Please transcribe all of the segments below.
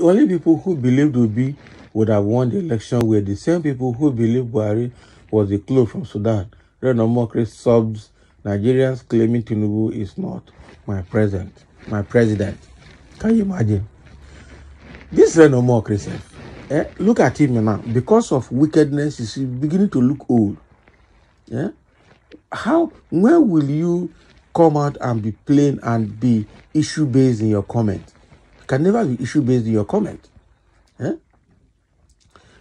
The only people who believed Obi would have won the election were the same people who believed Buhari was a clone from Sudan. Renomokri subs Nigerians claiming Tinubu is not my president. My president. Can you imagine? This Renomokri self. Eh, look at him now. Because of wickedness, he's beginning to look old. Yeah? How when will you come out and be plain and be issue based in your comment? can never be issue based on your comment. Eh?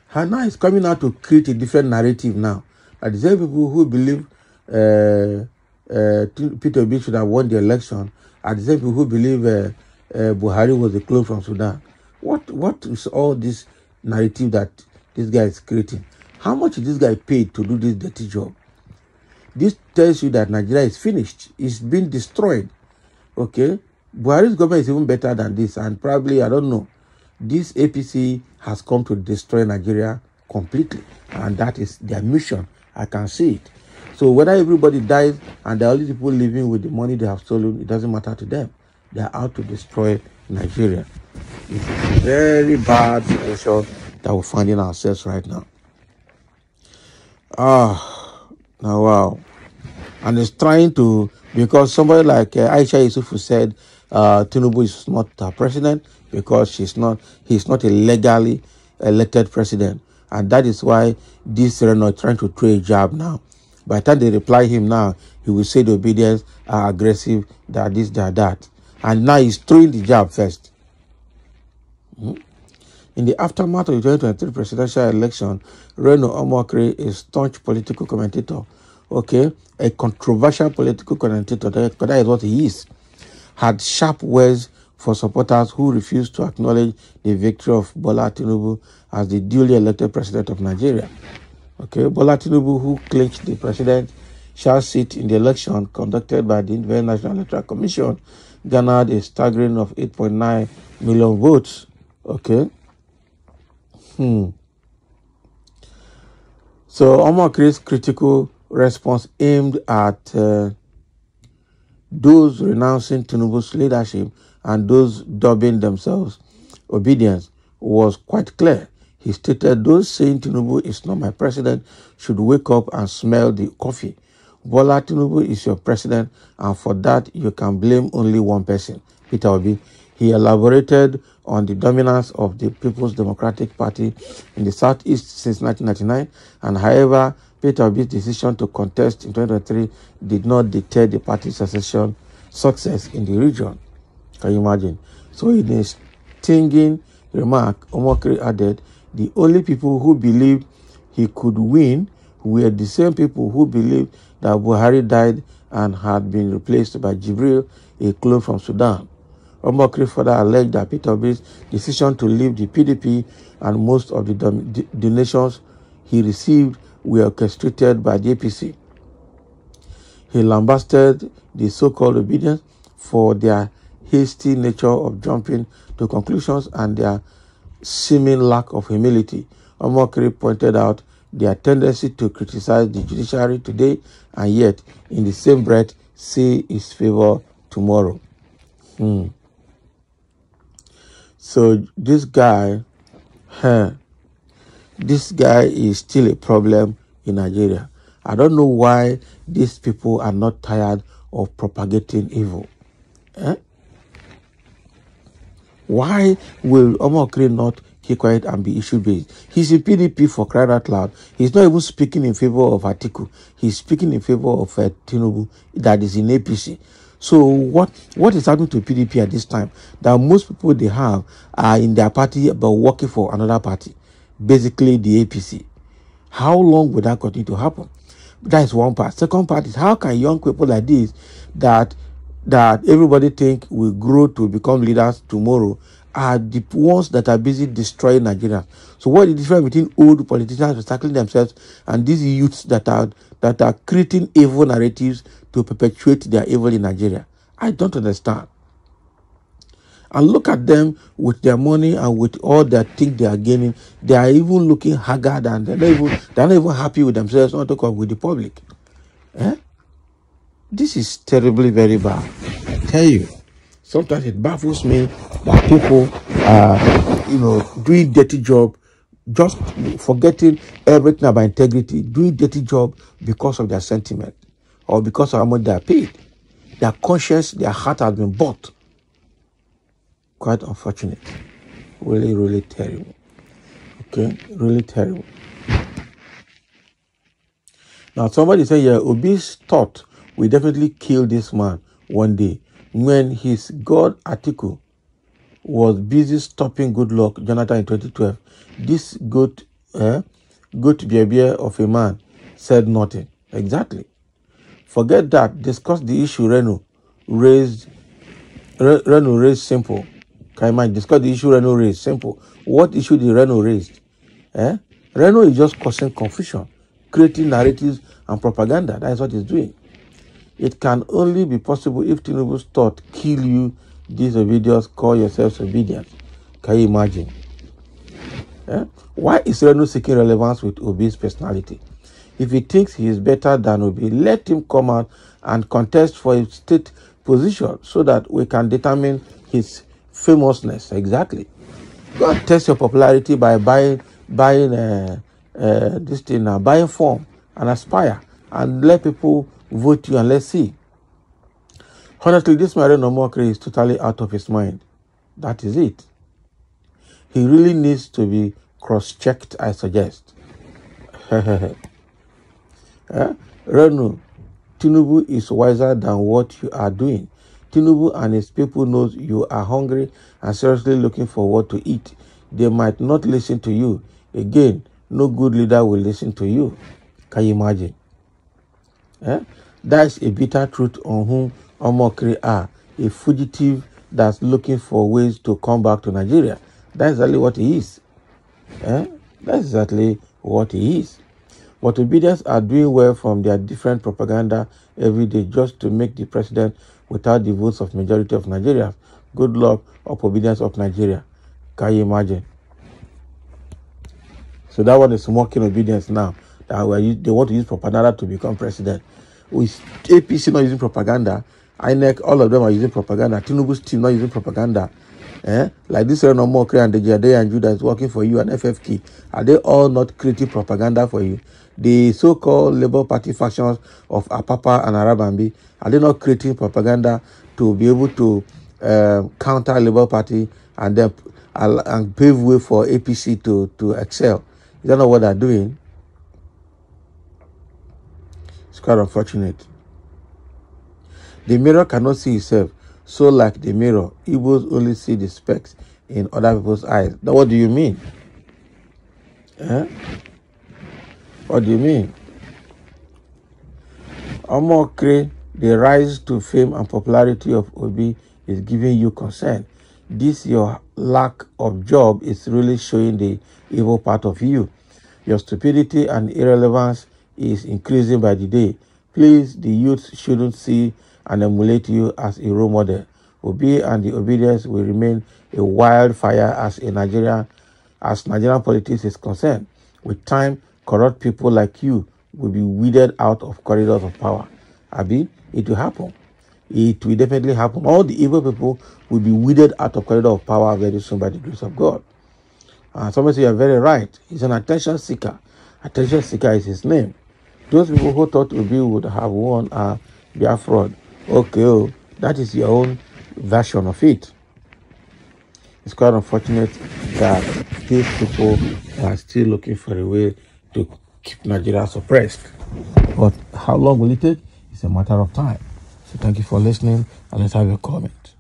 Hannah is coming out to create a different narrative now. at the same people who believe uh, uh, Peter Obi should have won the election at the same people who believe uh, uh, Buhari was a clone from Sudan. What What is all this narrative that this guy is creating? How much is this guy paid to do this dirty job? This tells you that Nigeria is finished. It's been destroyed. Okay? Buhari's government is even better than this, and probably, I don't know, this APC has come to destroy Nigeria completely, and that is their mission. I can see it. So whether everybody dies and the only people living with the money they have stolen, it doesn't matter to them. They are out to destroy Nigeria. It's a very bad situation that we're finding ourselves right now. Ah, now wow. And it's trying to, because somebody like uh, Aisha Yusufu said, uh, Tinubu is not a president because she's not, he's not a legally elected president. And that is why this Reno is trying to trade job now. By the time they reply him now, he will say the obedience are aggressive, that this, that, that. And now he's throwing the job first. Hmm? In the aftermath of the 2023 presidential election, Reno Omokri, a staunch political commentator, okay, a controversial political commentator, that is what he is had sharp words for supporters who refused to acknowledge the victory of Bola Tinubu as the duly elected president of Nigeria. Okay, Bola Tinubu, who clinched the president, shall seat in the election conducted by the Independent National Electoral Commission, garnered a staggering of 8.9 million votes. Okay. Hmm. So Omar Chris critical response aimed at uh, those renouncing Tinubu's leadership and those dubbing themselves obedience was quite clear. He stated those saying Tinubu is not my president should wake up and smell the coffee. Bola Tinubu is your president and for that you can blame only one person, Peter Obi. He elaborated on the dominance of the People's Democratic Party in the Southeast since 1999 and however Peter Obi's decision to contest in 2023 did not deter the party's succession success in the region. Can you imagine? So in a stinging remark, Omokri added, the only people who believed he could win were the same people who believed that Buhari died and had been replaced by Jibril, a clone from Sudan. Omokri further alleged that Peter Obi's decision to leave the PDP and most of the donations he received were orchestrated by the APC. He lambasted the so-called obedience for their hasty nature of jumping to conclusions and their seeming lack of humility. Omokri pointed out their tendency to criticize the judiciary today and yet, in the same breath, see its favor tomorrow. Hmm. So this guy, huh, this guy is still a problem in Nigeria. I don't know why these people are not tired of propagating evil. Eh? Why will Omokri not keep quiet and be issue based? He's a PDP for crying out loud. He's not even speaking in favor of Atiku. He's speaking in favor of uh, Tinubu that is in APC. So what what is happening to PDP at this time? That most people they have are in their party but working for another party basically the APC. How long will that continue to happen? That is one part. Second part is how can young people like this that that everybody think will grow to become leaders tomorrow are the ones that are busy destroying Nigeria. So what is the difference between old politicians recycling themselves and these youths that are that are creating evil narratives to perpetuate their evil in Nigeria? I don't understand and look at them with their money and with all they think they are gaining. They are even looking haggard and they're not even, they're not even happy with themselves, not talking with the public. Eh? This is terribly very bad. I tell you. Sometimes it baffles me that people are, you know, doing dirty job, just forgetting everything about integrity, doing dirty job because of their sentiment or because of how much they are paid. Their conscience, their heart has been bought quite unfortunate. Really, really terrible. Okay, really terrible. Now, somebody said, Yeah, Obi's thought will definitely kill this man one day when his God Atiku was busy stopping good luck Jonathan in 2012. This good, eh, good behavior of a man said nothing. Exactly. Forget that. Discuss the issue Reno raised. Re- Reno raised simple imagine? Discuss the issue Renault raised. Simple. What issue did Renault raised? Eh? Renault is just causing confusion, creating narratives and propaganda. That is what it's doing. It can only be possible if Tinubu's thought kill you, disobedience, call yourselves obedient. Can you imagine? Eh? Why is Renault seeking relevance with Obi's personality? If he thinks he is better than Obi, let him come out and contest for his state position so that we can determine his famousness, exactly. God tests your popularity by buying, buying uh, uh, this thing now, buying form and aspire and let people vote you and let's see. Honestly, this Mariano Mokri is totally out of his mind. That is it. He really needs to be cross checked, I suggest. eh? Renu, Tinubu is wiser than what you are doing. Tinubu and his people knows you are hungry and seriously looking for what to eat. They might not listen to you. Again, no good leader will listen to you. Can you imagine? Eh? That is a bitter truth on whom Omokri are, a fugitive that's looking for ways to come back to Nigeria. That's exactly what he is. Eh? That's exactly what he is. But obedience are doing well from their different propaganda every day just to make the president without the votes of majority of Nigerians, good luck or obedience of Nigeria. Can you imagine? So that one is mocking obedience now. That they want to use propaganda to become president. With APC not using propaganda, INEC, all of them are using propaganda. Tinubu's team not using propaganda. Eh? Like this more Mokre and the Jade and Judah is working for you and FFK. Are they all not creating propaganda for you? the so-called Labour Party factions of Apapa and Arabambi, are they not creating propaganda to be able to uh, counter Labour Party and then uh, and pave way for APC to, to excel? You do not know what they're doing? It's quite unfortunate. The mirror cannot see itself. So like the mirror, Igbos only see the specks in other people's eyes. Now what do you mean? Huh? What do you mean? Omokre, the rise to fame and popularity of Obi is giving you concern. This your lack of job is really showing the evil part of you. Your stupidity and irrelevance is increasing by the day. Please, the youth shouldn't see and emulate you as a role model. Obi and the obedience will remain a wildfire as a Nigerian, as Nigerian politics is concerned. With time, corrupt people like you will be weeded out of corridors of power. Abi, it will happen. It will definitely happen. All the evil people will be weeded out of corridors of power very soon by the grace of God. Uh, somebody you're very right. He's an attention seeker. Attention seeker is his name. Those people who thought Obi would have won are uh, fraud. Okay, oh, that is your own version of it. It's quite unfortunate that these people are still looking for a way to keep Nigeria suppressed. But how long will it take? It's a matter of time. So thank you for listening and let's have your comment.